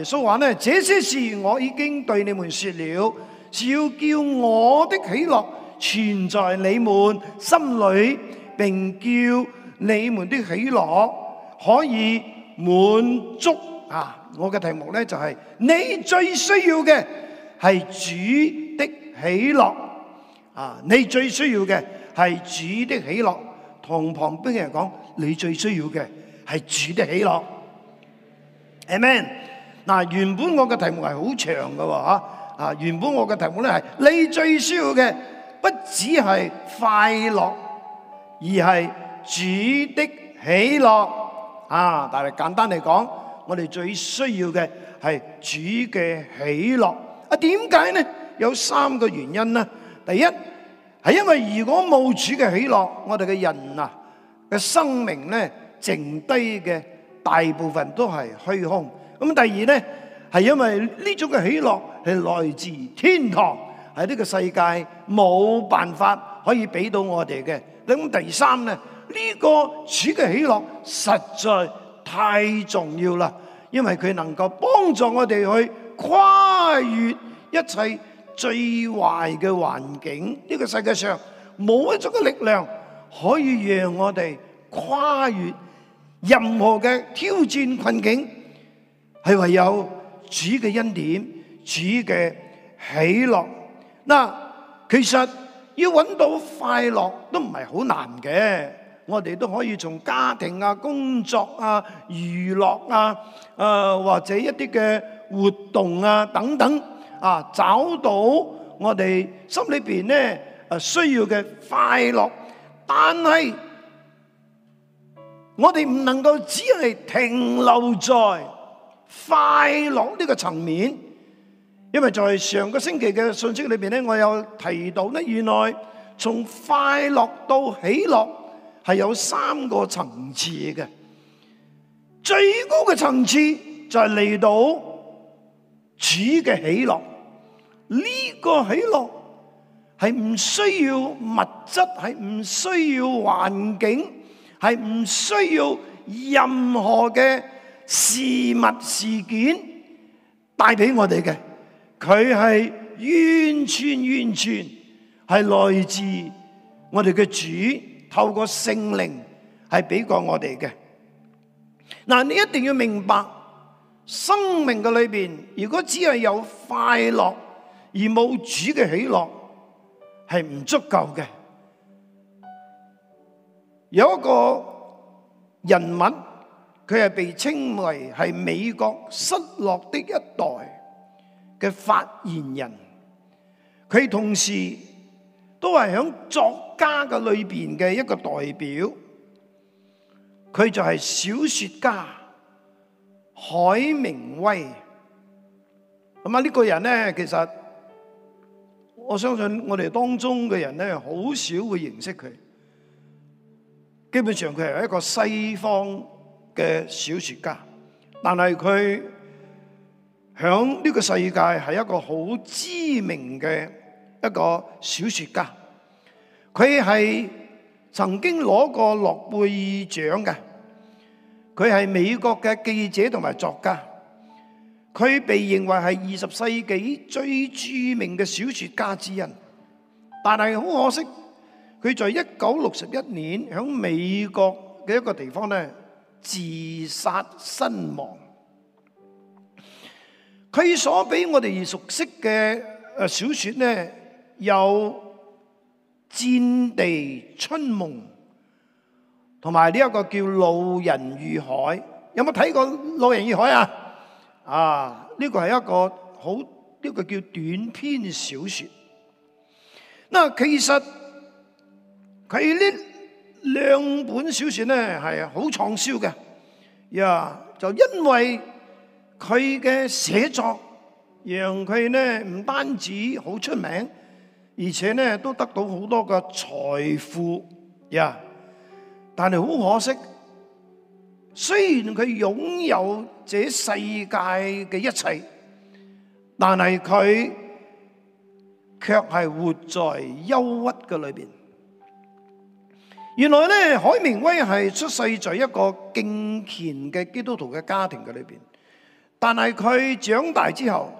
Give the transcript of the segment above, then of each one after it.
耶穌話咧：這些事我已經對你們說了，是要叫我的喜樂存在你們心裏，並叫你們的喜樂可以滿足。啊！我嘅題目呢，就係：你最需要嘅係主的喜樂。啊！你最需要嘅係主的喜樂。同旁邊嘅人講：你最需要嘅係主的喜樂。Amen。啊！原本我嘅題目係好長㗎吓。啊，原本我嘅題目咧係你最需要嘅，不只係快樂，而係主的喜樂啊！但係簡單嚟講，我哋最需要嘅係主嘅喜樂啊！點解呢？有三個原因呢。第一係因為如果冇主嘅喜樂，我哋嘅人啊嘅生命咧，剩低嘅大部分都係虛空。咁第二咧，係因為呢種嘅喜樂係來自天堂，喺呢個世界冇辦法可以俾到我哋嘅。咁第三咧，呢個主嘅喜樂實在太重要啦，因為佢能夠幫助我哋去跨越一切最壞嘅環境。呢個世界上冇一種嘅力量可以讓我哋跨越任何嘅挑戰困境。係唯有主嘅恩典、主嘅喜樂。嗱，其實要揾到快樂都唔係好難嘅，我哋都可以從家庭啊、工作啊、娛樂啊、誒或者一啲嘅活動啊等等啊，找到我哋心裏邊咧誒需要嘅快樂。但係我哋唔能夠只係停留在快樂呢個層面，因為在上個星期嘅信息裏邊咧，我有提到咧，原來從快樂到喜樂係有三個層次嘅。最高嘅層次就係嚟到主嘅喜樂，呢個喜樂係唔需要物質，係唔需要環境，係唔需要任何嘅。事物事件帶俾我哋嘅，佢係完全完全係來自我哋嘅主透過聖靈係俾過我哋嘅。嗱，你一定要明白，生命嘅裏邊，如果只係有快樂而冇主嘅喜樂，係唔足夠嘅。有一個人物。佢係被稱為係美國失落的一代嘅發言人，佢同時都係響作家嘅裏邊嘅一個代表，佢就係小說家海明威。咁啊呢個人咧，其實我相信我哋當中嘅人咧，好少會認識佢。基本上佢係一個西方。嘅小說家，但係佢響呢個世界係一個好知名嘅一個小說家。佢係曾經攞過諾貝爾獎嘅，佢係美國嘅記者同埋作家。佢被認為係二十世紀最著名嘅小說家之一，但係好可惜，佢在一九六十一年響美國嘅一個地方呢，自殺身亡。佢所俾我哋熟悉嘅誒小說呢，有《戰地春夢》，同埋呢一個叫《老人與海》。有冇睇過《老人與海》啊？啊，呢、這個係一個好呢、這個叫短篇小說。嗱，其實佢呢？他兩本小說咧係好暢銷嘅，呀、yeah. 就因為佢嘅寫作，讓佢呢唔單止好出名，而且呢都得到好多嘅財富呀。Yeah. 但係好可惜，雖然佢擁有這世界嘅一切，但係佢卻係活在憂鬱嘅裏邊。原來咧，海明威係出世在一個敬虔嘅基督徒嘅家庭嘅裏邊，但係佢長大之後，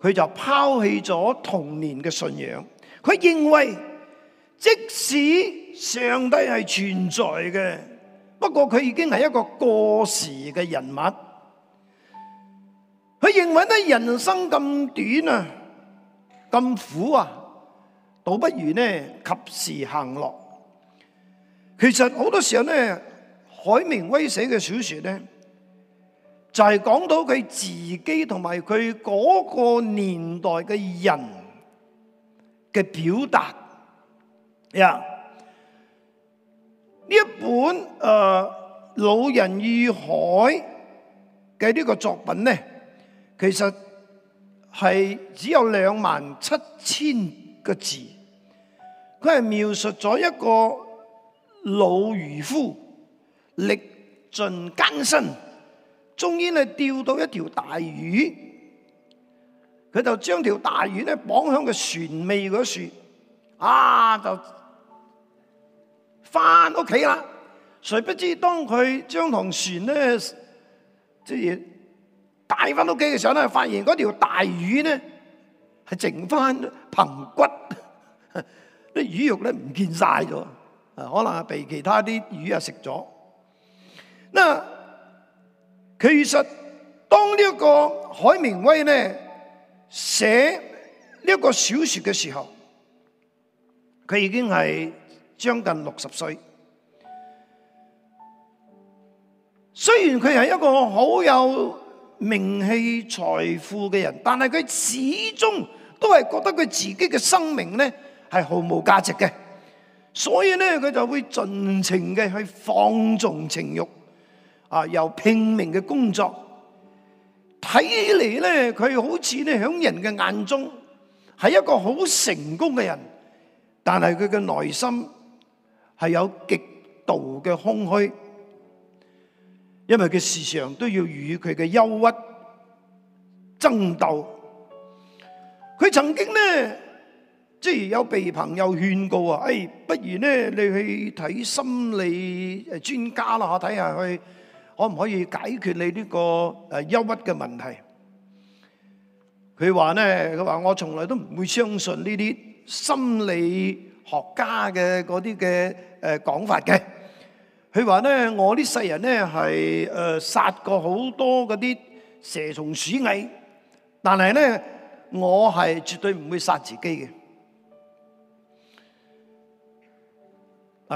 佢就拋棄咗童年嘅信仰。佢認為，即使上帝係存在嘅，不過佢已經係一個過時嘅人物。佢認為咧，人生咁短啊，咁苦啊，倒不如咧及時行樂。其實好多時候咧，海明威寫嘅小說咧，就係、是、講到佢自己同埋佢嗰個年代嘅人嘅表達呀。呢、yeah. 一本誒、呃《老人與海》嘅呢個作品咧，其實係只有兩萬七千個字，佢係描述咗一個。老漁夫歷盡艱辛，終於咧釣到一條大魚。佢就將條大魚咧綁向個船尾嗰樹，啊就翻屋企啦。誰不知當佢將同船咧即係帶翻屋企嘅時候咧，發現嗰條大魚咧係剩翻棚骨，啲魚肉咧唔見晒咗。啊，可能係被其他啲魚啊食咗。那其實當呢個海明威咧寫呢個小説嘅時候，佢已經係將近六十歲。雖然佢係一個好有名氣、財富嘅人，但係佢始終都係覺得佢自己嘅生命咧係毫無價值嘅。所以咧，佢就會盡情嘅去放縱情慾，啊，又拼命嘅工作，睇嚟咧，佢好似咧喺人嘅眼中係一個好成功嘅人，但係佢嘅內心係有極度嘅空虛，因為佢時常都要與佢嘅憂鬱爭鬥。佢曾經咧。即係有被朋友勸告啊！誒，不如咧你去睇心理誒專家啦，我睇下佢可唔可以解決你呢個誒憂鬱嘅問題。佢話咧，佢話我從來都唔會相信呢啲心理學家嘅嗰啲嘅誒講法嘅。佢話咧，我啲世人咧係誒殺過好多嗰啲蛇蟲鼠蟻，但係咧我係絕對唔會殺自己嘅。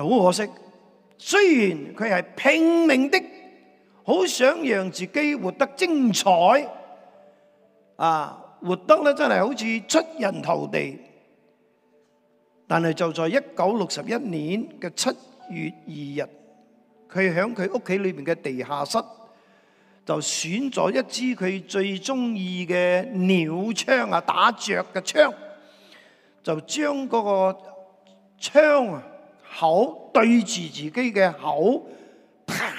好可惜，雖然佢係拼命的，好想讓自己活得精彩，啊，活得咧真係好似出人頭地，但係就在一九六一年嘅七月二日，佢喺佢屋企裏邊嘅地下室，就選咗一支佢最中意嘅鳥槍啊，打雀嘅槍，就將嗰個槍啊。口對住自己嘅口，啪，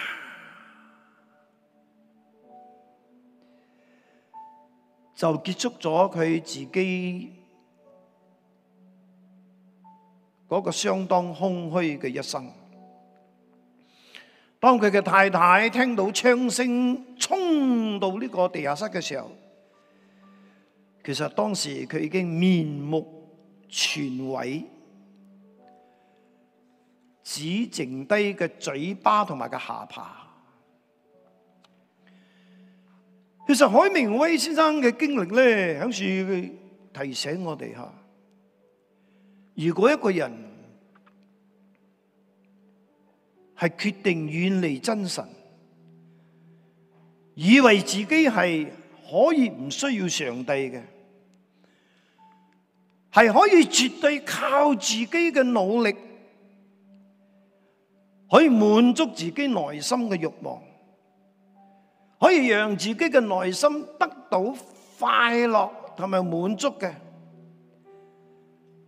就結束咗佢自己嗰個相當空虛嘅一生。當佢嘅太太聽到槍聲，衝到呢個地下室嘅時候，其實當時佢已經面目全毀。只剩低嘅嘴巴同埋個下巴。其實海明威先生嘅經歷咧，響處提醒我哋吓：如果一個人係決定遠離真神，以為自己係可以唔需要上帝嘅，係可以絕對靠自己嘅努力。可以滿足自己內心嘅欲望，可以讓自己嘅內心得到快樂同埋滿足嘅，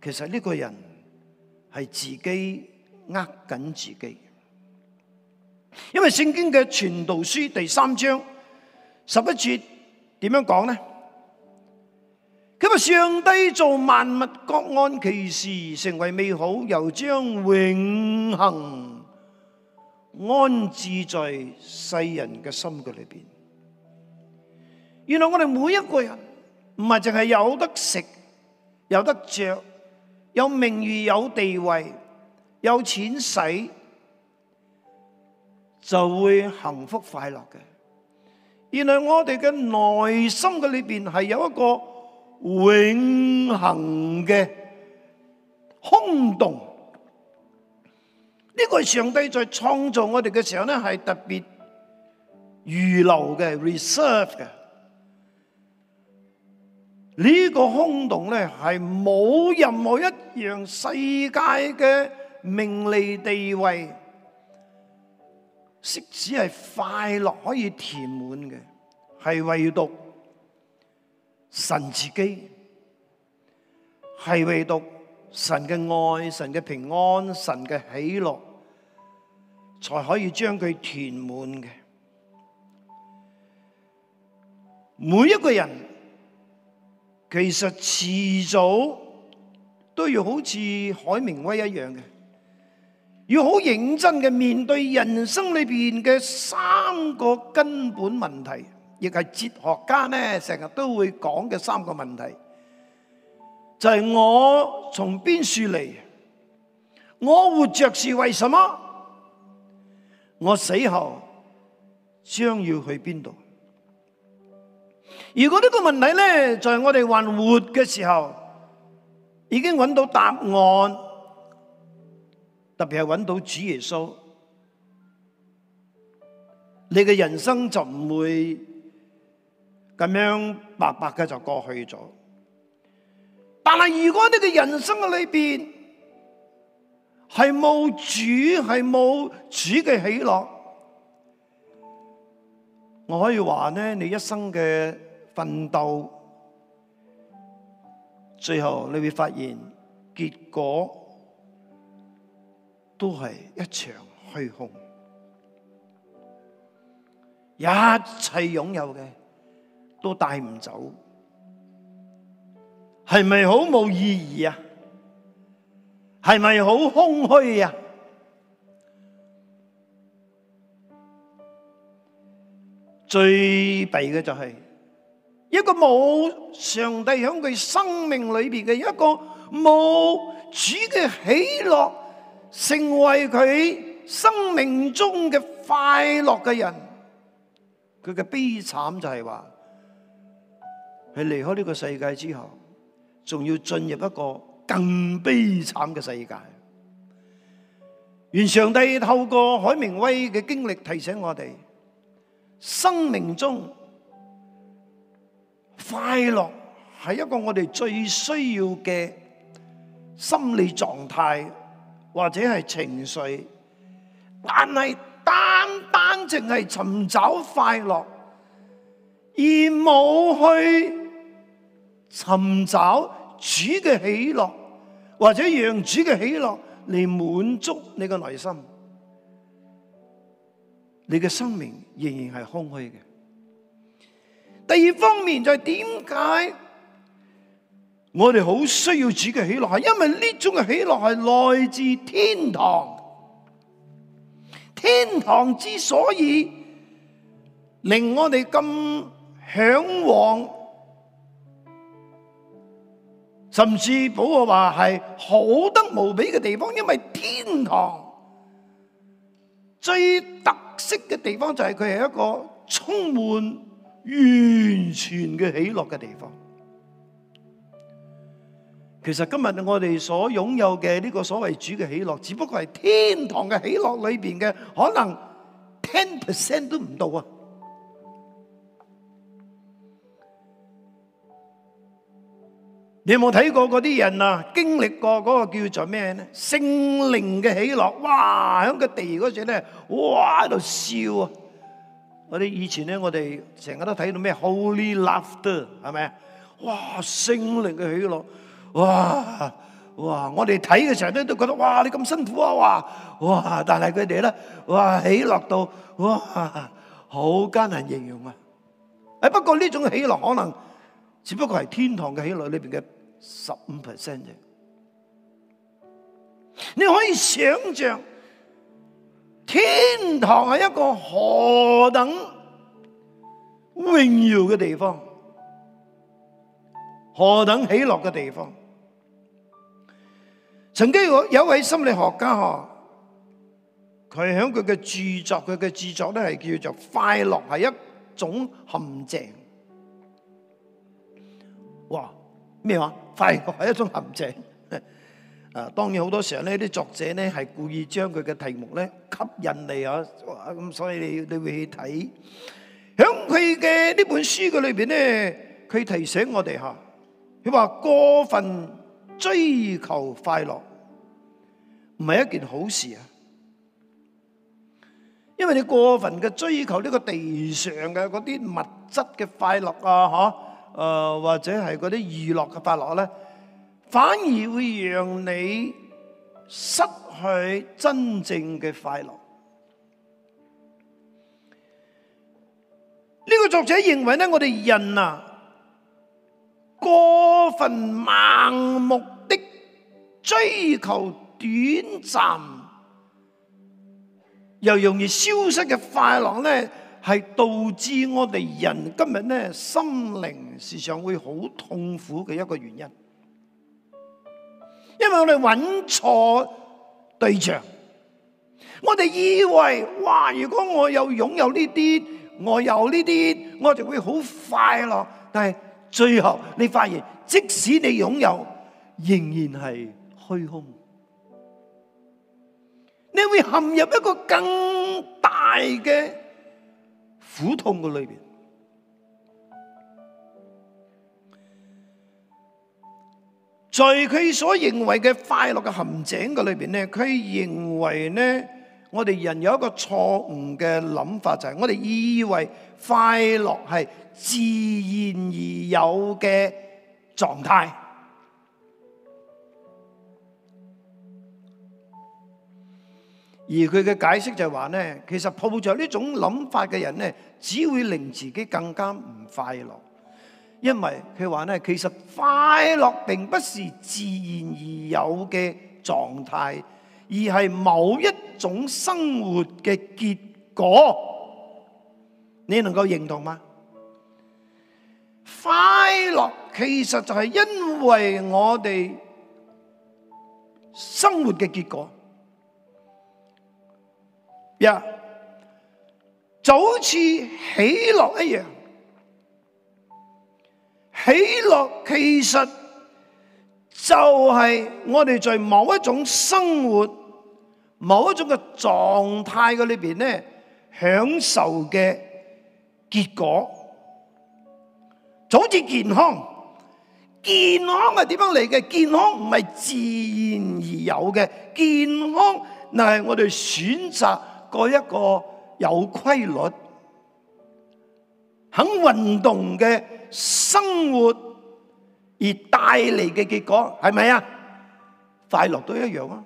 其實呢個人係自己呃緊自己，因為聖經嘅傳道書第三章十一節點樣講呢？佢話：上帝造萬物，各按其時，成為美好，又將永恆安置在世人嘅心嘅裏邊。原來我哋每一個人唔係淨係有得食、有得着、有名譽、有地位、有錢使，就會幸福快樂嘅。原來我哋嘅內心嘅裏邊係有一個永恆嘅空洞。呢個上帝在創造我哋嘅時候咧，係特別預留嘅，reserve 嘅。呢個空洞咧係冇任何一樣世界嘅名利地位，即使係快樂可以填滿嘅，係唯獨神自己，係唯獨神嘅愛、神嘅平安、神嘅喜樂。才可以將佢填滿嘅。每一個人其實遲早都要好似海明威一樣嘅，要好認真嘅面對人生裏邊嘅三個根本問題，亦係哲學家呢成日都會講嘅三個問題，就係我從邊處嚟，我活着是為什麼？我死後將要去邊度？如果呢個問題咧，在我哋還活嘅時候已經揾到答案，特別係揾到主耶穌，你嘅人生就唔會咁樣白白嘅就過去咗。但係如果你嘅人生喺裏邊，係冇主，係冇主嘅喜樂。我可以話呢，你一生嘅奮鬥，最後你會發現結果都係一場虛空，一切擁有嘅都帶唔走，係咪好冇意義啊？係咪好空虛啊？最弊嘅就係一個冇上帝響佢生命裏邊嘅一個冇主嘅喜樂，成為佢生命中嘅快樂嘅人，佢嘅悲慘就係話，佢離開呢個世界之後，仲要進入一個。更悲慘嘅世界，願上帝透過海明威嘅經歷提醒我哋：生命中快樂係一個我哋最需要嘅心理狀態或者係情緒，但係單單淨係尋找快樂而冇去尋找主嘅喜樂，或者讓主嘅喜樂嚟滿足你個內心，你嘅生命仍然係空虛嘅。第二方面就係點解我哋好需要主嘅喜樂，係因為呢種嘅喜樂係來自天堂。天堂之所以令我哋咁向往。甚至保羅話係好得無比嘅地方，因為天堂最特色嘅地方就係佢係一個充滿完全嘅喜樂嘅地方。其實今日我哋所擁有嘅呢個所謂主嘅喜樂，只不過係天堂嘅喜樂裏邊嘅可能 ten percent 都唔到啊！你有冇睇過嗰啲人啊？經歷過嗰個叫做咩咧？聖靈嘅喜樂，哇！喺個地嗰時咧，哇喺度笑啊！嗰啲以前咧，我哋成日都睇到咩？Holy laughter 係咪啊？哇！聖靈嘅喜樂，哇哇！我哋睇嘅時候咧都覺得，哇你咁辛苦啊！哇哇！但係佢哋咧，哇喜樂到，哇好艱難形容啊！誒，不過呢種喜樂可能只不過係天堂嘅喜樂裏邊嘅。十五 percent 嘅，你可以想象天堂係一個何等榮耀嘅地方，何等喜樂嘅地方。曾經有有一位心理學家嗬，佢喺佢嘅著作佢嘅著作咧係叫做《快樂係一種陷阱》。哇，咩話？係，係一種陷阱。啊，當然好多時候咧，啲作者咧係故意將佢嘅題目咧吸引你啊，咁所以你你會去睇。響佢嘅呢本書嘅裏邊咧，佢提醒我哋吓，佢話過分追求快樂唔係一件好事啊，因為你過分嘅追求呢個地上嘅嗰啲物質嘅快樂啊，嗬。誒、呃，或者係嗰啲娛樂嘅快樂咧，反而會讓你失去真正嘅快樂。呢個作者認為咧，我哋人啊，過分盲目的追求短暫又容易消失嘅快樂咧，係導致我哋人今日咧，心靈時常會好痛苦嘅一個原因，因為我哋揾錯對象，我哋以為哇，如果我有擁有呢啲，我有呢啲，我就會好快樂。但係最後你發現，即使你擁有，仍然係虛空，你會陷入一個更大嘅。苦痛嘅裏邊，在佢所認為嘅快樂嘅陷阱嘅裏邊呢，佢認為呢，我哋人有一個錯誤嘅諗法，就係我哋以為快樂係自然而有嘅狀態。而佢嘅解釋就係話呢，其實抱着呢種諗法嘅人呢，只會令自己更加唔快樂，因為佢話呢，其實快樂並不是自然而有嘅狀態，而係某一種生活嘅結果。你能夠認同嗎？快樂其實就係因為我哋生活嘅結果。一，就好似喜樂一樣，喜樂其實就係我哋在某一種生活、某一種嘅狀態嘅裏邊呢，享受嘅結果。就好似健康，健康係點樣嚟嘅？健康唔係自然而有嘅，健康乃係我哋選擇個一個有規律、肯運動嘅生活而帶嚟嘅結果係咪啊？快樂都一樣啊，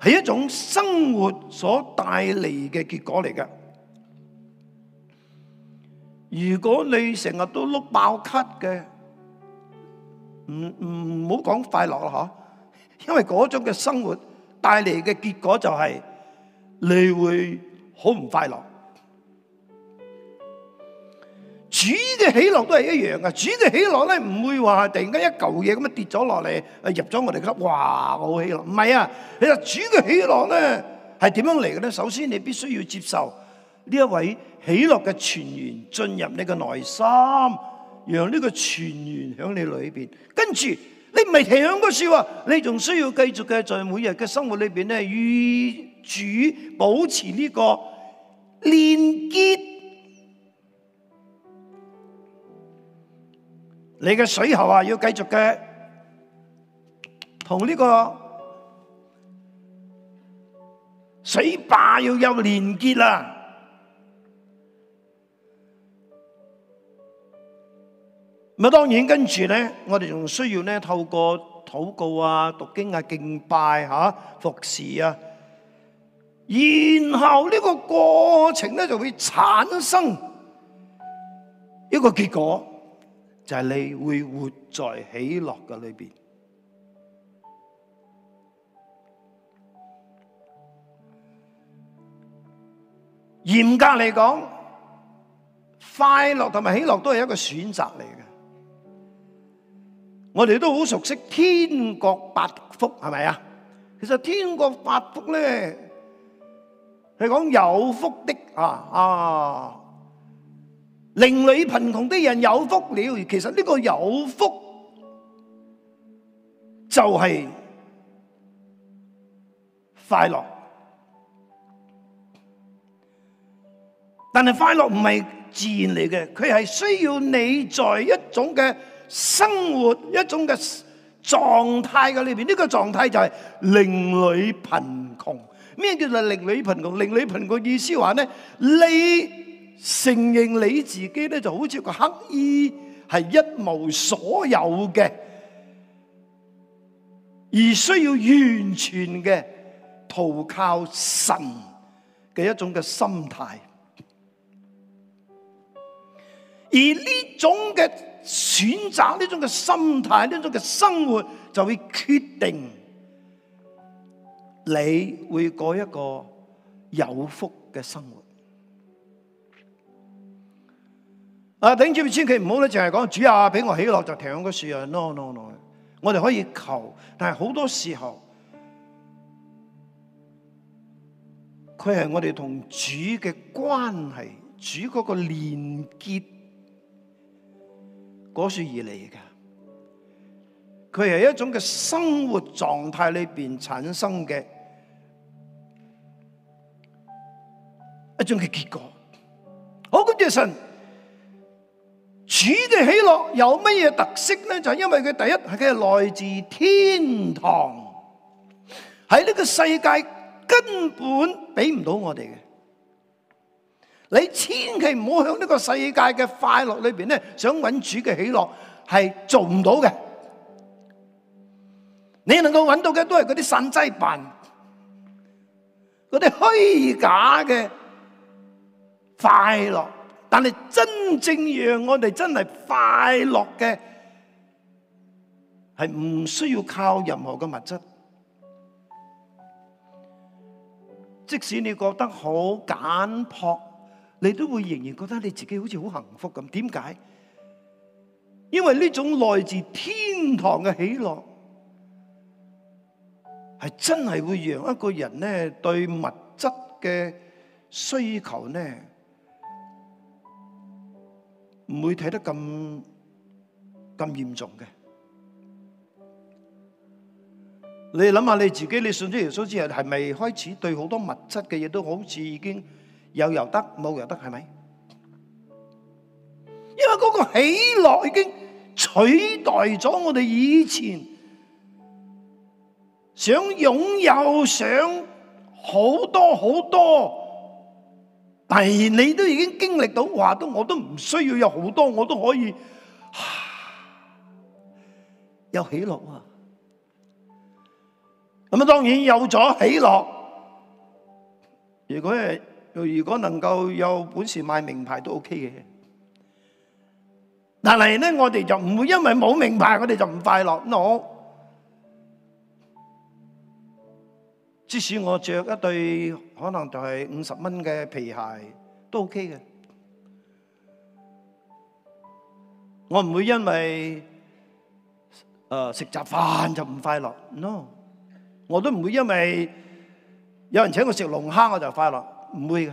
係一種生活所帶嚟嘅結果嚟嘅。如果你成日都碌爆咳嘅，唔唔唔好講快樂啦嗬，因為嗰種嘅生活。帶嚟嘅結果就係你會好唔快樂。主嘅喜樂都係一樣嘅，主嘅喜樂咧唔會話突然間一嚿嘢咁樣跌咗落嚟，入咗我哋嘅，哇！我好喜樂。唔係啊，其實主嘅喜樂咧係點樣嚟嘅咧？首先你必須要接受呢一位喜樂嘅泉源進入你嘅內心，讓呢個泉源喺你裏邊，跟住。你唔係停響個時啊，你仲需要繼續嘅，在每日嘅生活裏邊咧，與主保持呢個連結。你嘅水喉啊，要繼續嘅同呢個水壩要有連結啦。咁啊，當然跟住咧，我哋仲需要咧透過禱告啊、讀經啊、敬拜吓、服侍啊，然後呢個過程咧就會產生一個結果，就係你會活在喜樂嘅裏邊。嚴格嚟講，快樂同埋喜樂都係一個選擇嚟。我哋都好熟悉天國八福，係咪啊？其實天國八福咧，係講有福的啊啊，靈裡貧窮的人有福了。其實呢個有福就係快樂，但係快樂唔係自然嚟嘅，佢係需要你在一種嘅生活一種嘅狀態嘅裏邊，呢個狀態就係靈裡貧窮。咩叫做靈裡貧窮？靈裡貧窮意思話咧，你承認你自己咧就好似個乞兒，係一無所有嘅，而需要完全嘅投靠神嘅一種嘅心態。而呢種嘅選擇呢種嘅心態，呢種嘅生活，就會決定你會過一個有福嘅生活。啊，頂住千祈唔好咧，淨係講主啊，俾我起樂就停個樹啊，no，no，no，no，我哋可以求，但係好多時候佢係我哋同主嘅關係，主嗰個連結。嗰樹而嚟嘅，佢係一種嘅生活狀態裏邊產生嘅一種嘅結果。好咁，謝神主嘅喜樂有乜嘢特色咧？就係因為佢第一係佢係來自天堂，喺呢個世界根本俾唔到我哋嘅。你千祈唔好向呢個世界嘅快樂裏邊咧，想揾主嘅喜樂，係做唔到嘅。你能夠揾到嘅都係嗰啲神迹品，嗰啲虛假嘅快樂。但係真正讓我哋真係快樂嘅，係唔需要靠任何嘅物質。即使你覺得好簡樸，你都會仍然覺得你自己好似好幸福咁，點解？因為呢種來自天堂嘅喜樂，係真係會讓一個人咧對物質嘅需求咧，唔會睇得咁咁嚴重嘅。你諗下你自己，你信咗耶穌之後，係咪開始對好多物質嘅嘢都好似已經？有又得，冇又得，係咪？因為嗰個喜樂已經取代咗我哋以前想擁有想好多好多，但係你都已經經歷到話都我都唔需要有好多，我都可以有喜樂啊。咁啊，當然有咗喜樂，如果係。如果能夠有本事買名牌都 OK 嘅，但係呢，我哋就唔會因為冇名牌我哋就唔快樂。no，即使我著一對可能就係五十蚊嘅皮鞋都 OK 嘅，我唔會因為誒食雜飯就唔快樂。no，我都唔會因為有人請我食龍蝦我就快樂。唔會嘅，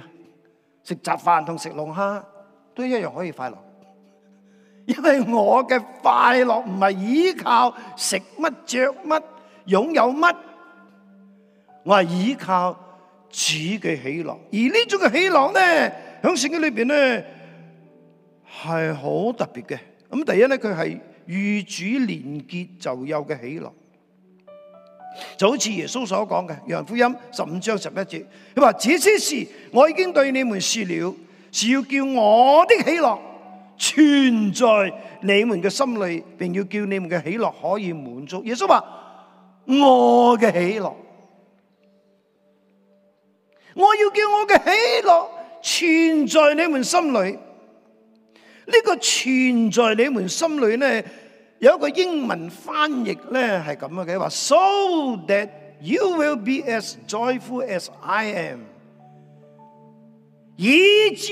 食雜飯同食龍蝦都一樣可以快樂，因為我嘅快樂唔係依靠食乜、着乜、擁有乜，我係依靠主嘅喜樂。而呢種嘅喜樂咧，喺聖經裏邊咧係好特別嘅。咁第一咧，佢係與主連結就有嘅喜樂。就好似耶穌所講嘅《羊福音》十五章十一節，佢話：這些事我已經對你們說了，是要叫我的喜樂存在你們嘅心裏，並要叫你們嘅喜樂可以滿足。耶穌話：我嘅喜樂，我要叫我嘅喜樂存在你們心裏。呢、這個存在你們心裏呢？有一個英文翻譯咧係咁樣嘅話，So that you will be as joyful as I am，以至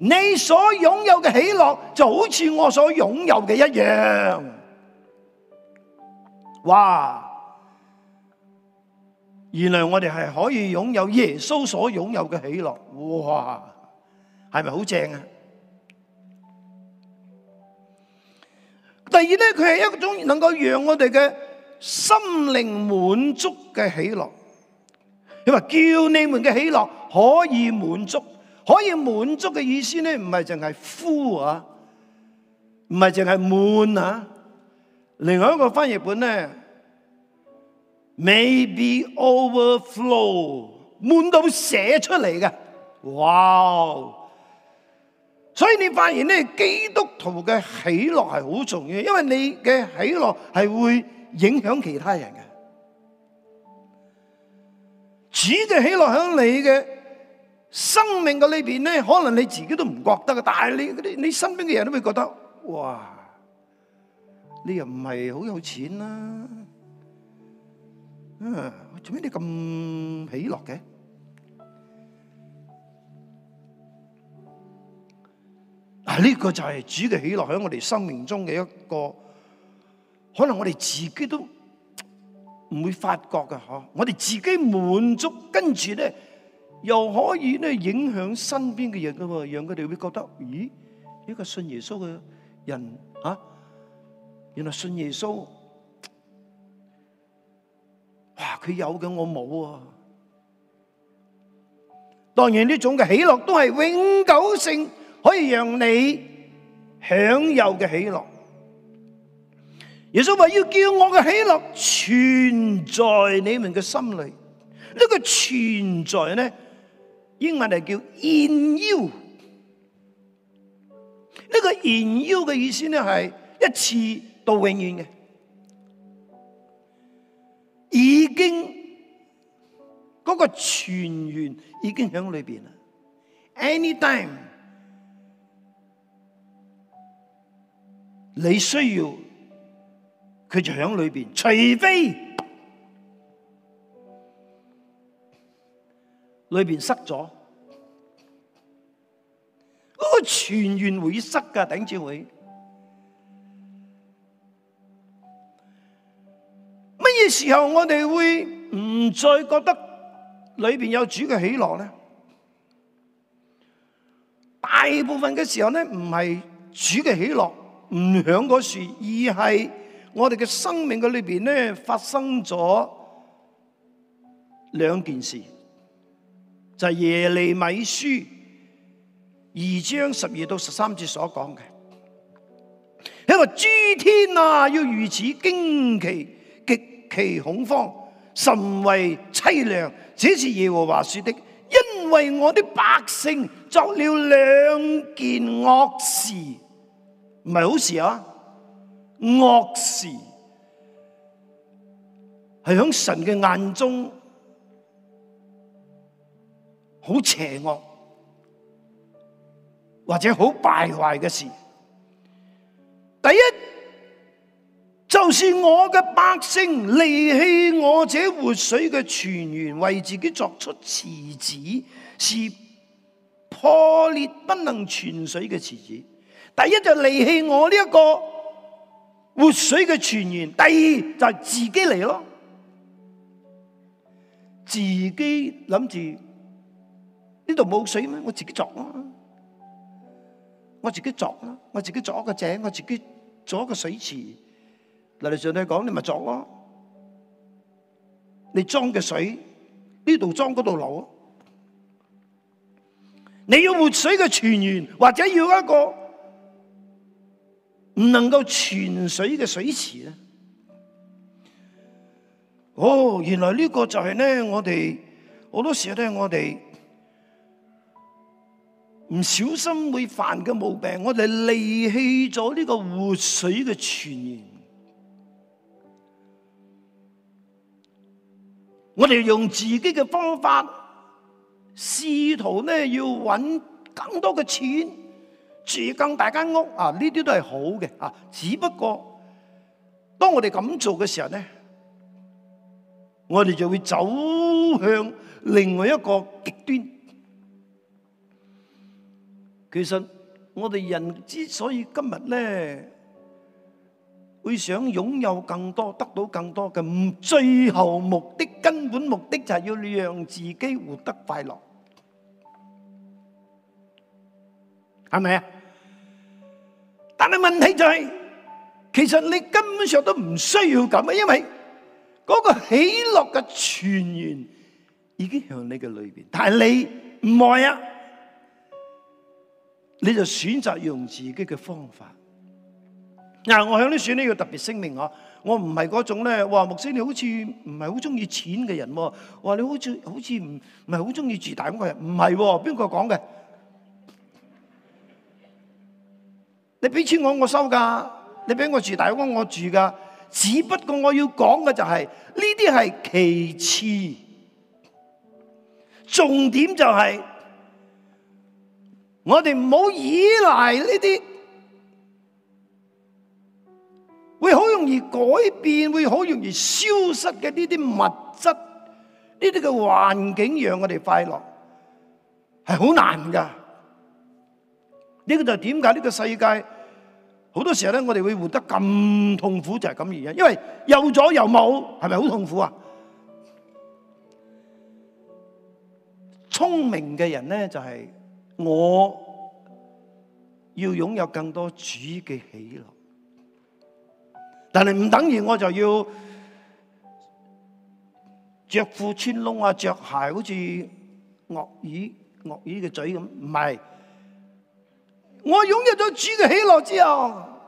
你所擁有嘅喜樂就好似我所擁有嘅一樣。哇！原來我哋係可以擁有耶穌所擁有嘅喜樂。哇！係咪好正啊？第二咧，佢係一種能夠讓我哋嘅心靈滿足嘅喜樂。你話叫你們嘅喜樂可以滿足，可以滿足嘅意思咧，唔係淨係 full 啊，唔係淨係滿啊。另外一個翻譯本咧，maybe overflow，滿到寫出嚟嘅，哇、wow!！所以你發現咧，基督徒嘅喜樂係好重要，因為你嘅喜樂係會影響其他人嘅。主嘅喜樂喺你嘅生命嘅裏邊咧，可能你自己都唔覺得嘅，但係你你身邊嘅人都會覺得，哇！你又唔係好有錢啦，嗯、啊，做咩你咁喜樂嘅？嗱，呢個就係主嘅喜樂喺我哋生命中嘅一個，可能我哋自己都唔會發覺嘅嗬。我哋自己滿足，跟住咧，又可以咧，影響身邊嘅人噶喎，讓佢哋會覺得咦，呢個信耶穌嘅人啊，原來信耶穌，哇，佢有嘅我冇啊。當然呢種嘅喜樂都係永久性。可以讓你享有嘅喜樂，耶穌話要叫我嘅喜樂存在你們嘅心裏。呢個存在呢，英文係叫 in you。呢個 in you 嘅意思呢係一次到永遠嘅，已經嗰個全員已經喺裏邊啦。Anytime。你需要佢就喺裏邊，除非裏邊塞咗，個全員會塞㗎頂住會。乜嘢時候我哋會唔再覺得裏邊有主嘅喜樂咧？大部分嘅時候咧，唔係主嘅喜樂。唔響嗰樹，而係我哋嘅生命嘅裏邊咧，發生咗兩件事，就係、是、耶利米書二章十二到十三節所講嘅，因為諸天啊，要如此驚奇、極其恐慌、甚為淒涼，這是耶和華說的，因為我的百姓作了兩件惡事。唔係好事啊！惡事係響神嘅眼中好邪惡或者好敗壞嘅事。第一，就是我嘅百姓離棄我這活水嘅泉源，為自己作出池子，是破裂不能存水嘅池子。第一就離棄我呢一個活水嘅泉源，第二就係自己嚟咯，自己諗住呢度冇水咩？我自己鑿啦，我自己鑿啦，我自己鑿一個井，我自己鑿一個水池。嗱，你上帝講，你咪鑿咯，你裝嘅水呢度裝嗰度流啊！你要活水嘅泉源，或者要一個。唔能夠存水嘅水池啊！哦，原來呢個就係呢，我哋好多時候都係我哋唔小心會犯嘅毛病，我哋離棄咗呢個活水嘅泉源，我哋用自己嘅方法，試圖咧要揾更多嘅錢。住更大間屋啊！呢啲都係好嘅啊，只不過當我哋咁做嘅時候咧，我哋就會走向另外一個極端。其實我哋人之所以今日咧會想擁有更多、得到更多嘅，最後目的根本目的就係要讓自己活得快樂。係咪啊？但係問題就係，其實你根本上都唔需要咁啊，因為嗰個喜樂嘅泉源已經向你嘅裏邊，但係你唔愛啊，你就選擇用自己嘅方法。嗱，我響呢處呢要特別聲明啊，我唔係嗰種咧，話：牧師你好似唔係好中意錢嘅人喎，話你好似好似唔唔係好中意住大屋嘅人，唔係喎，邊個講嘅？你俾錢我，我收噶。你俾我住大屋，我住噶。只不過我要講嘅就係呢啲係其次，重點就係、是、我哋唔好依賴呢啲，會好容易改變，會好容易消失嘅呢啲物質，呢啲嘅環境讓我哋快樂，係好難噶。呢、這個就係點解呢個世界，好多時候咧，我哋會活得咁痛苦，就係咁原因。因為有咗又冇，係咪好痛苦啊？聰明嘅人咧，就係我要擁有更多主嘅喜樂。但係唔等於我就要着褲穿窿啊，着鞋好似鱷魚鱷魚嘅嘴咁，唔係。我擁有咗主嘅喜樂之後我，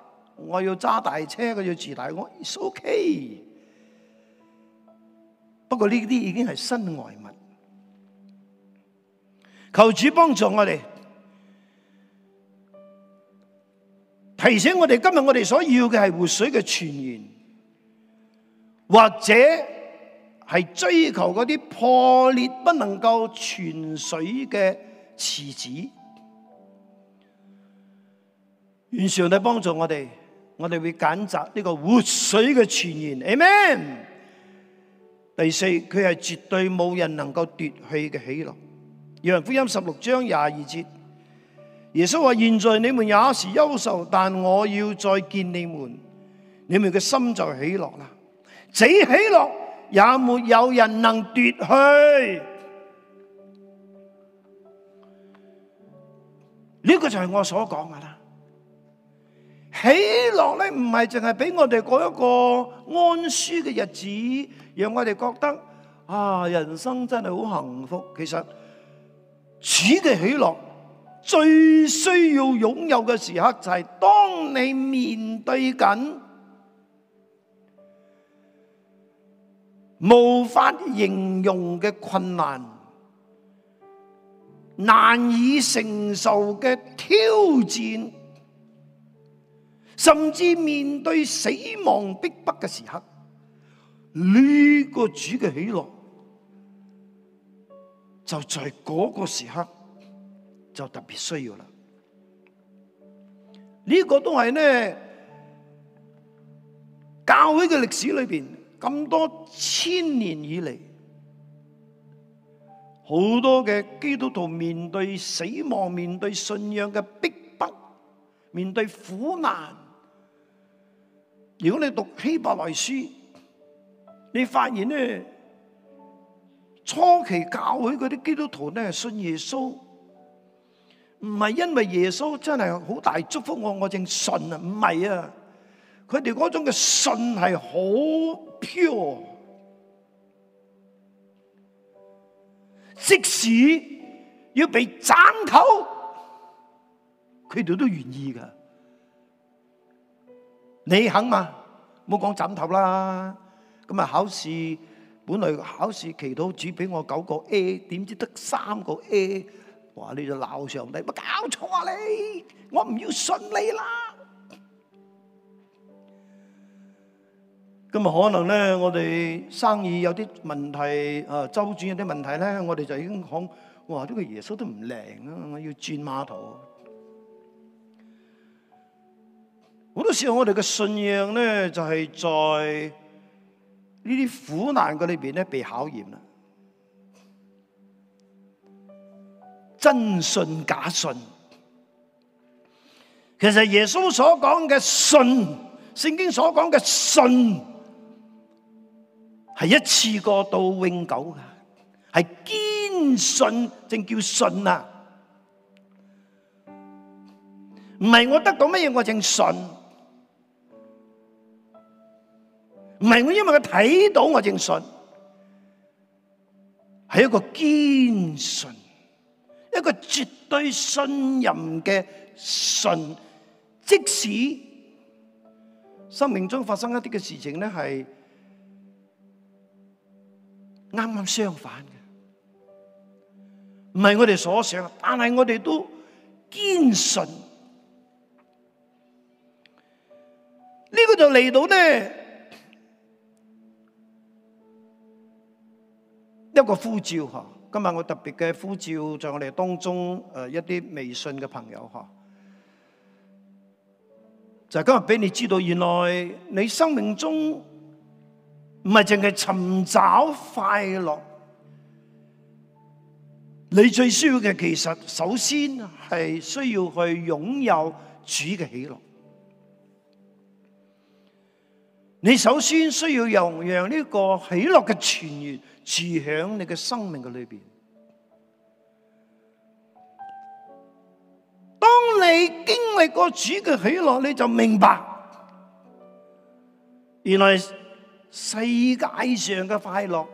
我要揸大車，我要自大，我，it's okay。不過呢啲已經係身外物，求主幫助我哋，提醒我哋今日我哋所要嘅係活水嘅泉源，或者係追求嗰啲破裂不能夠存水嘅池子。願上帝幫助我哋，我哋會揀擇呢個活水嘅泉源，阿門。第四，佢係絕對冇人能夠奪去嘅喜樂。約翰福音十六章廿二節。耶穌話:現在你們也是憂愁，但我要再見你們，你們嘅心就喜樂喇。呢個喜樂也沒有人能奪去。呢個就係我所講㗎喇。喜樂咧，唔係淨係俾我哋過一個安舒嘅日子，讓我哋覺得啊，人生真係好幸福。其實此嘅喜樂，最需要擁有嘅時刻就係當你面對緊無法形容嘅困難、難以承受嘅挑戰。甚至面對死亡逼迫嘅時刻，呢個主嘅喜樂就在嗰個時刻就特別需要啦。呢個都係呢教會嘅歷史裏邊咁多千年以嚟好多嘅基督徒面對死亡、面對信仰嘅逼迫、面對苦難。如果你讀希伯來書，你發現咧，初期教會嗰啲基督徒咧信耶穌，唔係因為耶穌真係好大祝福我，我正信不是啊，唔係啊，佢哋嗰種嘅信係好 pure，即使要被斬頭，佢哋都願意噶。你肯嘛？冇講枕頭啦。咁啊，考試本來考試祈禱主俾我九個 A，點知得三個 A？哇！你就鬧上帝，乜搞錯啊你？我唔要信你啦。咁啊，可能咧，我哋生意有啲問題，啊，周轉有啲問題咧，我哋就已經講，哇！呢個耶穌都唔靈啊，我要轉碼頭。好多時候我哋嘅信仰咧，就係在呢啲苦難嘅裏邊咧被考驗啦。真信假信，其實耶穌所講嘅信，聖經所講嘅信，係一次過到永久㗎，係堅信正叫信啊！唔係我得到乜嘢我正信。唔係我，因為佢睇到我，認信係一個堅信，一個絕對信任嘅信。即使生命中發生一啲嘅事情咧，係啱啱相反嘅，唔係我哋所想，但係我哋都堅信。呢個就嚟到咧。一個呼召，嗬！今日我特別嘅呼召，在我哋當中，誒，一啲微信嘅朋友，嗬，就係，今日俾你知道，原來你生命中唔係淨係尋找快樂，你最需要嘅其實，首先係需要去擁有主嘅喜樂。你首先需要由讓呢個喜樂嘅傳源。住響你嘅生命嘅裏邊，當你經歷過主嘅喜樂，你就明白，原來世界上嘅快樂，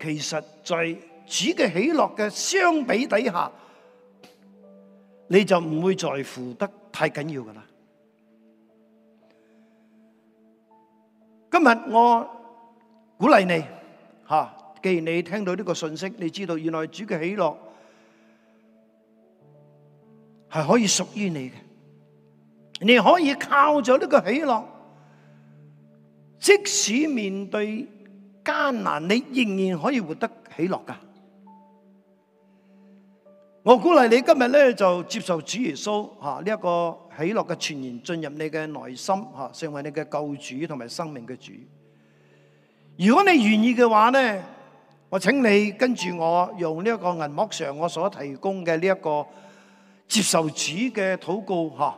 其實在主嘅喜樂嘅相比底下，你就唔會在乎得太緊要㗎喇。今日我。鼓勵你，吓！既然你聽到呢個信息，你知道原來主嘅喜樂係可以屬於你嘅，你可以靠咗呢個喜樂，即使面對艱難，你仍然可以活得喜樂噶。我鼓勵你今日咧就接受主耶穌吓呢一個喜樂嘅傳言進入你嘅內心吓，成為你嘅救主同埋生命嘅主。如果你願意嘅話咧，我請你跟住我用呢一個銀幕上我所提供嘅呢一個接受主嘅禱告吓，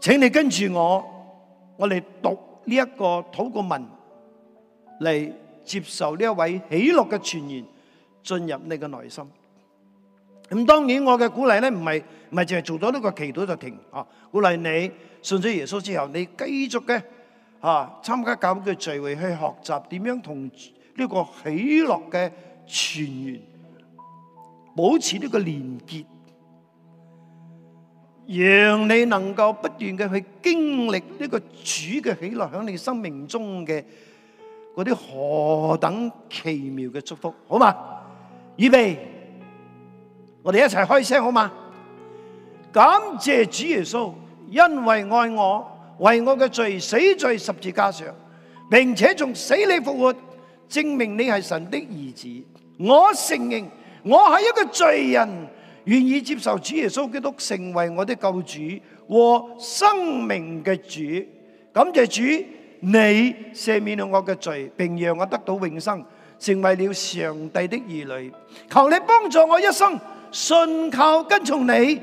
請你跟住我，我哋讀呢一個禱告文嚟接受呢一位喜樂嘅傳言進入你嘅內心。咁當然我嘅鼓勵咧，唔係唔係淨係做咗呢個祈禱就停啊！鼓勵你信咗耶穌之後，你繼續嘅。啊！參加咁嘅聚會去學習點樣同呢個喜樂嘅團員保持呢個連結，讓你能夠不斷嘅去經歷呢個主嘅喜樂喺你生命中嘅嗰啲何等奇妙嘅祝福，好嘛？預備，我哋一齊開聲好嘛？感謝主耶穌，因為愛我，為我嘅罪死在十字架上，並且從死裏復活，證明你係神的兒子。我承認我係一個罪人，願意接受主耶穌基督成為我的救主和生命嘅主。感謝主，你赦免咗我嘅罪，並讓我得到永生，成為了上帝的兒女。求你幫助我一生信靠跟從你。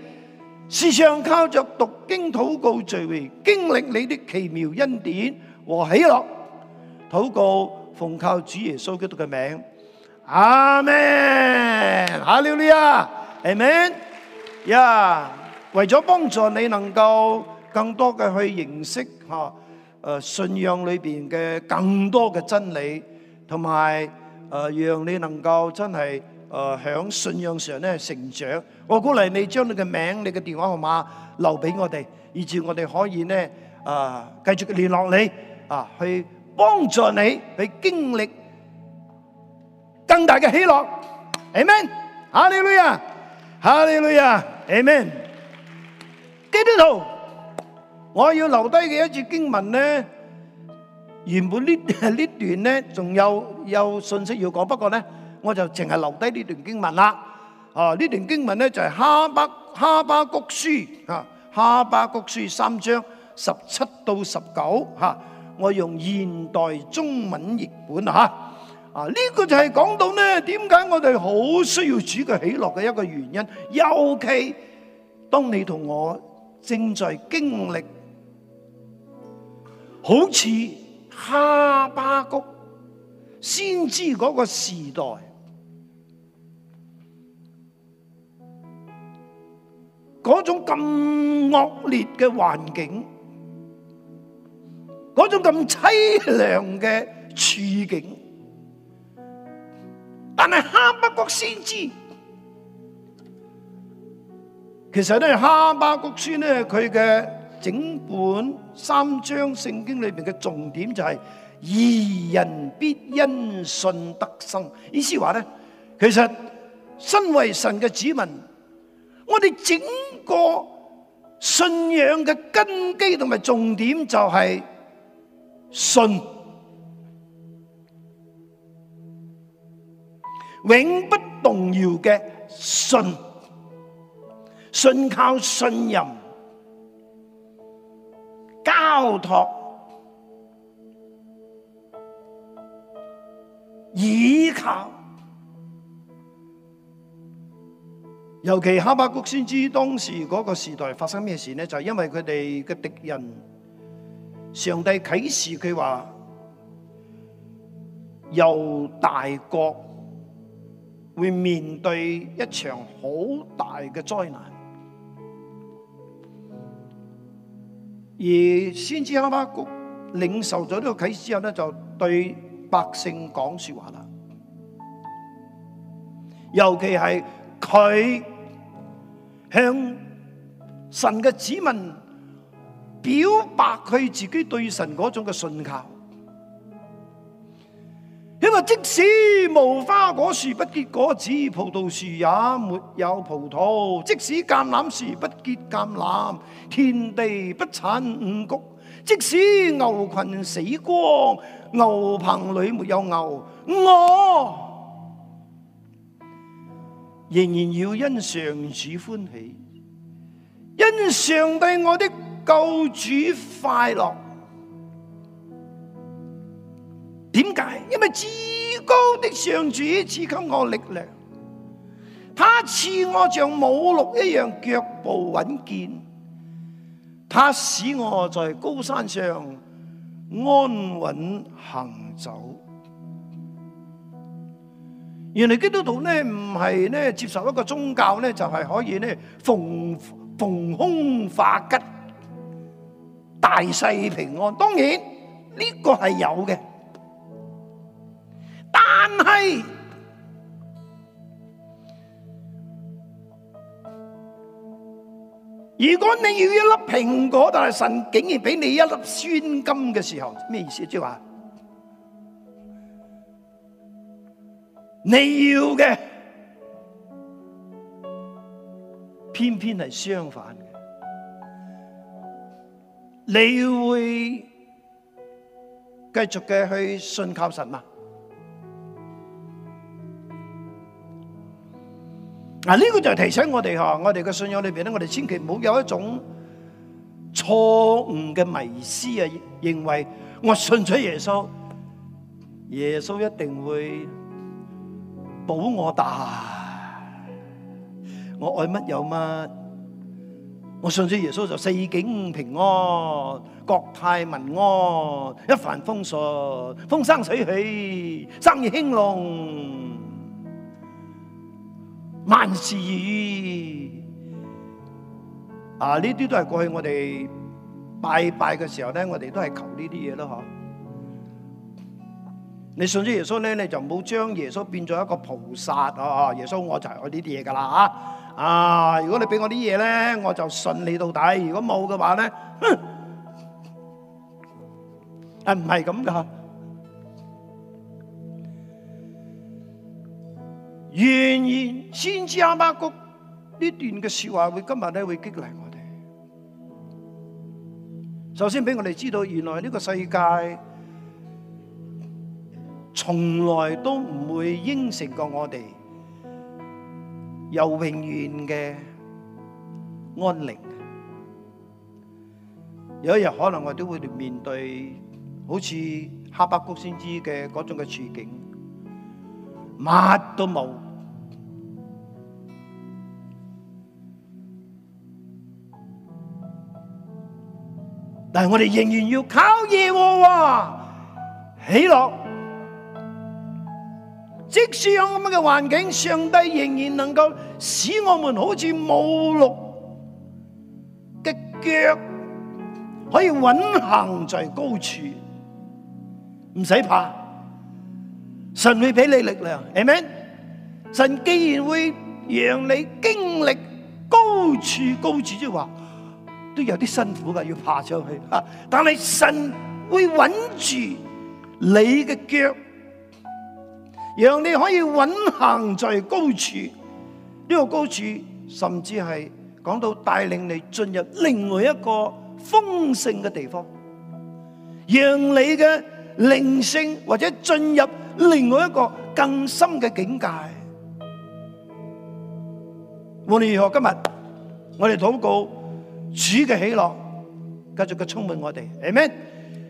時常靠着讀經禱告聚會，經歷你的奇妙恩典和喜樂。禱告奉靠主耶穌基督嘅名，阿門。哈利路亞，阿門。呀，為咗幫助你能夠更多嘅去認識吓，誒，信仰裏邊嘅更多嘅真理，同埋誒，讓你能夠真係。誒，響信仰上咧成長，我鼓勵你將你嘅名、你嘅電話號碼留俾我哋，以致我哋可以咧，啊，繼續聯絡你，啊，去幫助你去經歷更大嘅喜樂，Amen。哈利路亞，哈利路亞，Amen。基督徒，我要留低嘅一節經文咧，原本呢呢段咧仲有有信息要講，不過咧。我就淨係留低呢段經文啦。啊，呢段經文咧就係《哈巴哈巴谷書》啊，《哈巴谷書》三章十七到十九嚇。我用現代中文譯本嚇。啊，呢個就係講到咧點解我哋好需要主嘅喜樂嘅一個原因，尤其當你同我正在經歷好似《哈巴谷》先知嗰個時代。嗰種咁惡劣嘅環境，嗰種咁淒涼嘅處境，但係哈巴谷先知，其實咧哈巴谷書咧佢嘅整本三章聖經裏邊嘅重點就係義人必因信得生。意思話咧，其實身為神嘅子民，我哋整個信仰嘅根基同埋重點就係信，永不動搖嘅信，信靠信任，交託依靠。尤其哈巴谷先知當時嗰個時代發生咩事呢？就係、是、因為佢哋嘅敵人，上帝啟示佢話，由大國會面對一場好大嘅災難。而先知哈巴谷領受咗呢個啟示之後呢，就對百姓講説話啦。尤其係佢。向神嘅子民表白佢自己對神嗰種嘅信求。因為即使無花果樹不結果子，葡萄樹也沒有葡萄；即使橄欖樹不結橄欖，天地不產五穀；即使牛群死光，牛棚裏沒有牛，我。仍然要因上主歡喜，因上帝我的救主快樂。點解？因為至高的上主賜給我力量，他賜我像母鹿一樣腳步穩健，他使我在高山上安穩行走。原來基督徒咧，唔係咧，接受一個宗教咧，就係可以咧，逢逢凶化吉、大細平安。當然呢個係有嘅，但係如果你要一粒蘋果，但係神竟然俾你一粒酸柑嘅時候，咩意思？即係話？你要嘅，偏偏係相反嘅。你會繼續嘅去信靠神嗎？嗱，呢個就係提醒我哋吓，我哋嘅信仰裏邊咧，我哋千祈唔好有一種錯誤嘅迷思啊，認為我信咗耶穌，耶穌一定會。保我大，我愛乜有乜，我信主耶穌就四境平安，國泰民安，一帆風順，風生水起，生意興隆，萬事如意。啊！呢啲都係過去我哋拜拜嘅時候咧，我哋都係求呢啲嘢咯，嗬。你信咗耶穌咧，你就冇將耶穌變咗一個菩薩啊！耶穌，我就係我呢啲嘢噶啦啊！啊，如果你俾我啲嘢咧，我就信你到底；如果冇嘅話咧，但唔係咁噶？然而，先知亞巴谷呢段嘅説話，會今日咧會激勵我哋。首先俾我哋知道，原來呢個世界，從來都唔會應承過我哋，又永遠嘅安寧。有一日可能我哋都會面對好似黑白谷先知嘅嗰種嘅處境，乜都冇。但係我哋仍然要考驗我喎，喜樂。即使有咁嘅環境，上帝仍然能夠使我們好似母鹿嘅腳，可以穩行在高處，唔使怕。神會俾你力量，Amen。神既然會讓你經歷高處高處，即係話都有啲辛苦嘅，要爬上去。啊、但係神會穩住你嘅腳。讓你可以穩行在高處，呢、這個高處甚至是講到帶領你進入另外一個豐盛嘅地方，讓你嘅靈性或者進入另外一個更深嘅境界。無論如何，今日我哋禱告主嘅喜樂繼續嘅充滿我哋，Amen。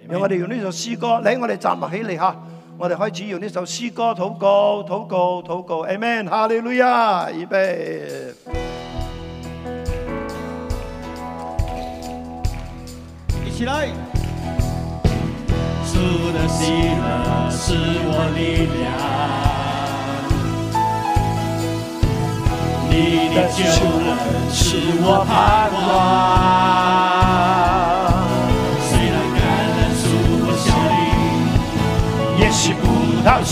讓我哋用呢首詩歌，嚟，我哋站立起嚟。我哋開始用呢首詩歌禱告，禱告，禱告。阿門哈利路亞，預備，一起來。你的喜樂是我力量，你的救恩是我盼望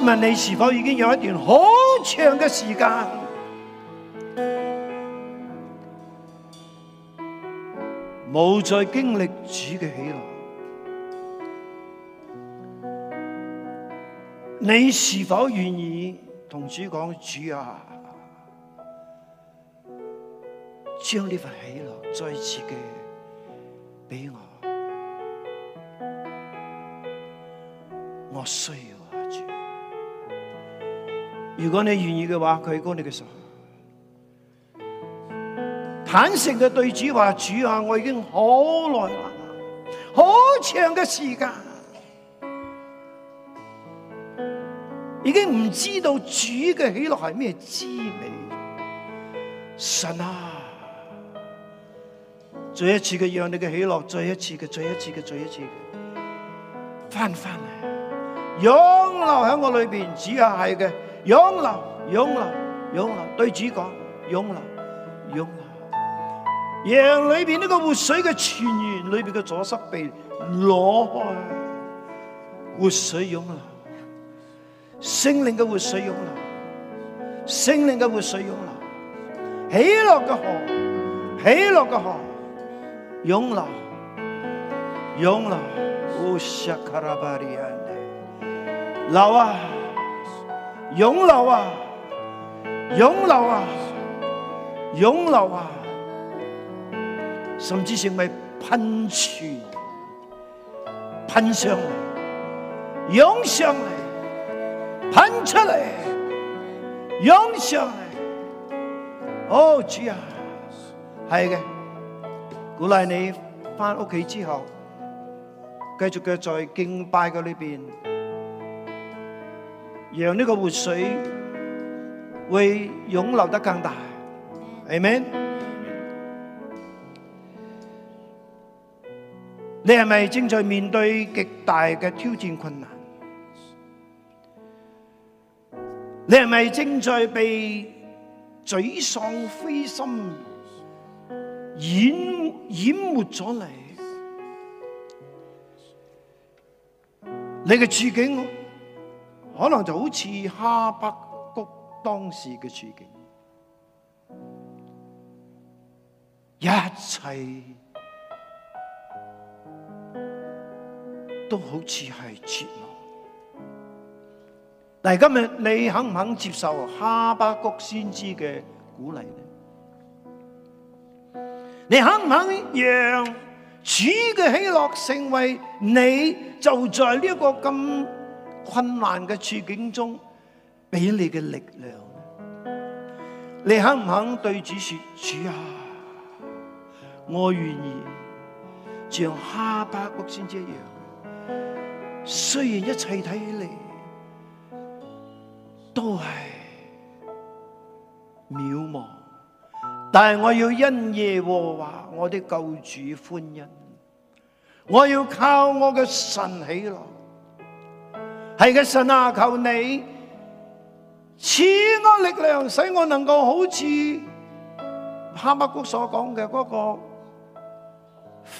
問你是否已經有一段好長嘅時間冇再經歷主嘅喜樂？你是否願意同主講：主啊，將呢份喜樂再次嘅俾我，我需要。如果你願意嘅話，舉高你嘅手，坦誠嘅對主話：主啊，我已經好耐啦，好長嘅時間，已經唔知道主嘅喜樂係咩滋味。神啊，再一次嘅讓你嘅喜樂，再一次嘅，再一次嘅,再一次嘅翻翻嚟，永留喺我裏邊。主啊。係嘅。湧流湧流湧流，對主講湧流湧流，羊裏邊呢個活水嘅泉源裏邊嘅阻塞被攞開，活水湧流，聖靈嘅活水湧流，聖靈嘅活水湧流，起落嘅河，起落嘅河湧流湧流，我寫喺拉鼻裏邊，喇話、啊。湧流啊，湧流啊，湧流啊，甚至成為噴泉、噴上嚟、湧上嚟、噴出嚟、湧上嚟。哦、oh，主啊，係嘅，鼓勵你翻屋企之後，繼續嘅在敬拜嘅裏邊。讓呢個活水會湧流得更大，Amen。你係咪正在面對極大嘅挑戰困難？你係咪正在被沮喪、灰心淹淹沒咗你？你的嘅處境可能就好似哈巴谷當時嘅處境，一切都好似係絕望。但係，今日你肯唔肯接受哈巴谷先知嘅鼓勵咧？你肯唔肯讓主嘅喜樂成為你就在呢個咁？困難嘅處境中，俾你嘅力量，你肯唔肯對主說：主啊，我願意，像哈巴谷先一樣。雖然一切睇起嚟都係渺茫，但係我要因耶和華我的救主歡欣，我要靠我嘅神起來。係嘅，神啊，求你賜我力量，使我能夠好似哈巴谷所講嘅嗰個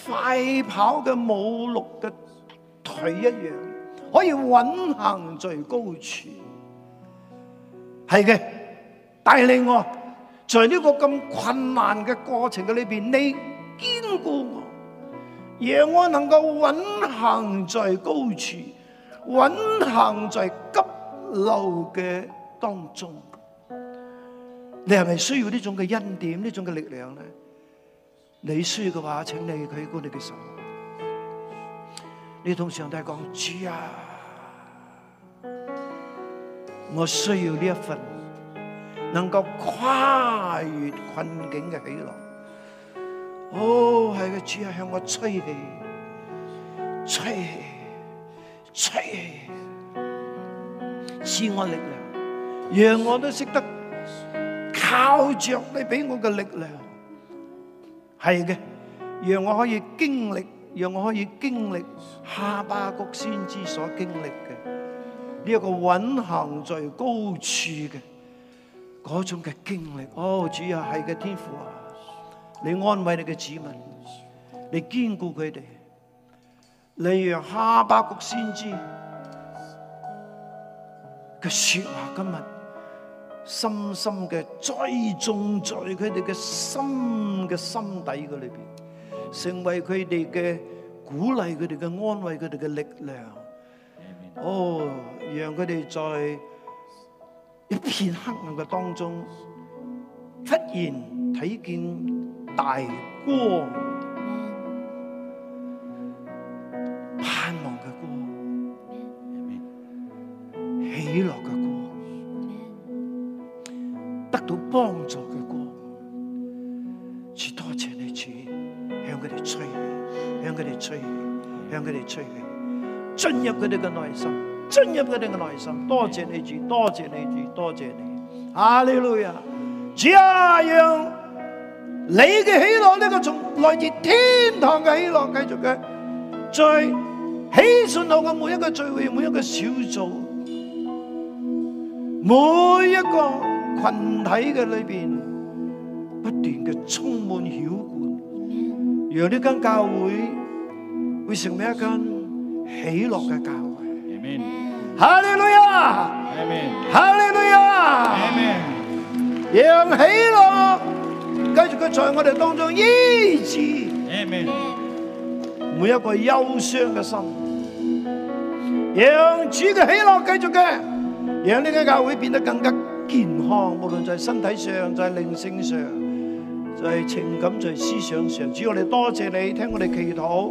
快跑嘅母鹿嘅腿一樣，可以穩行在高處。係嘅，帶領我，在呢個咁困難嘅過程裏邊，你堅固我，讓我能夠穩行在高處。穩行在急流嘅當中，你係咪需要呢種嘅恩典，呢種嘅力量咧？你需要嘅話，請你舉高你嘅手，你同上帝講，主啊，我需要呢一份能夠跨越困境嘅喜樂。哦，係佢主啊，向我吹氣，吹氣。賜賜我力量，讓我都識得靠着你俾我嘅力量。係嘅，讓我可以經歷，讓我可以經歷哈巴谷先知所經歷嘅呢一個穩行在高處嘅嗰種嘅經歷。哦，主要係嘅，天父啊，你安慰你嘅子民，你堅固佢哋。例如哈巴谷先知嘅説話今日深深嘅栽種在佢哋嘅心嘅心底嘅裏邊，成為佢哋嘅鼓勵，佢哋嘅安慰，佢哋嘅力量。哦，讓佢哋在一片黑暗嘅當中，忽然睇見大光。你嘅內心，進入佢哋嘅內心，多謝你主，多謝你主，多謝你，哈利路亞！只要用你嘅喜樂，呢個從來自天堂嘅喜樂，繼續嘅，在喜信堂嘅每一個聚會，每一個小組，每一個群體嘅裏邊，不斷嘅充滿喜樂。讓呢間教會會成為一間喜樂嘅教會，阿門！哈利路亞，阿門！哈利路亞，阿門！讓喜樂，繼續佢在我哋當中醫治，阿門！每一個憂傷嘅心，讓主嘅喜樂繼續嘅，讓呢個教會變得更加健康，無論在身體上、就係靈性上、就係情感、在思想上，主我哋多謝你，聽我哋祈禱。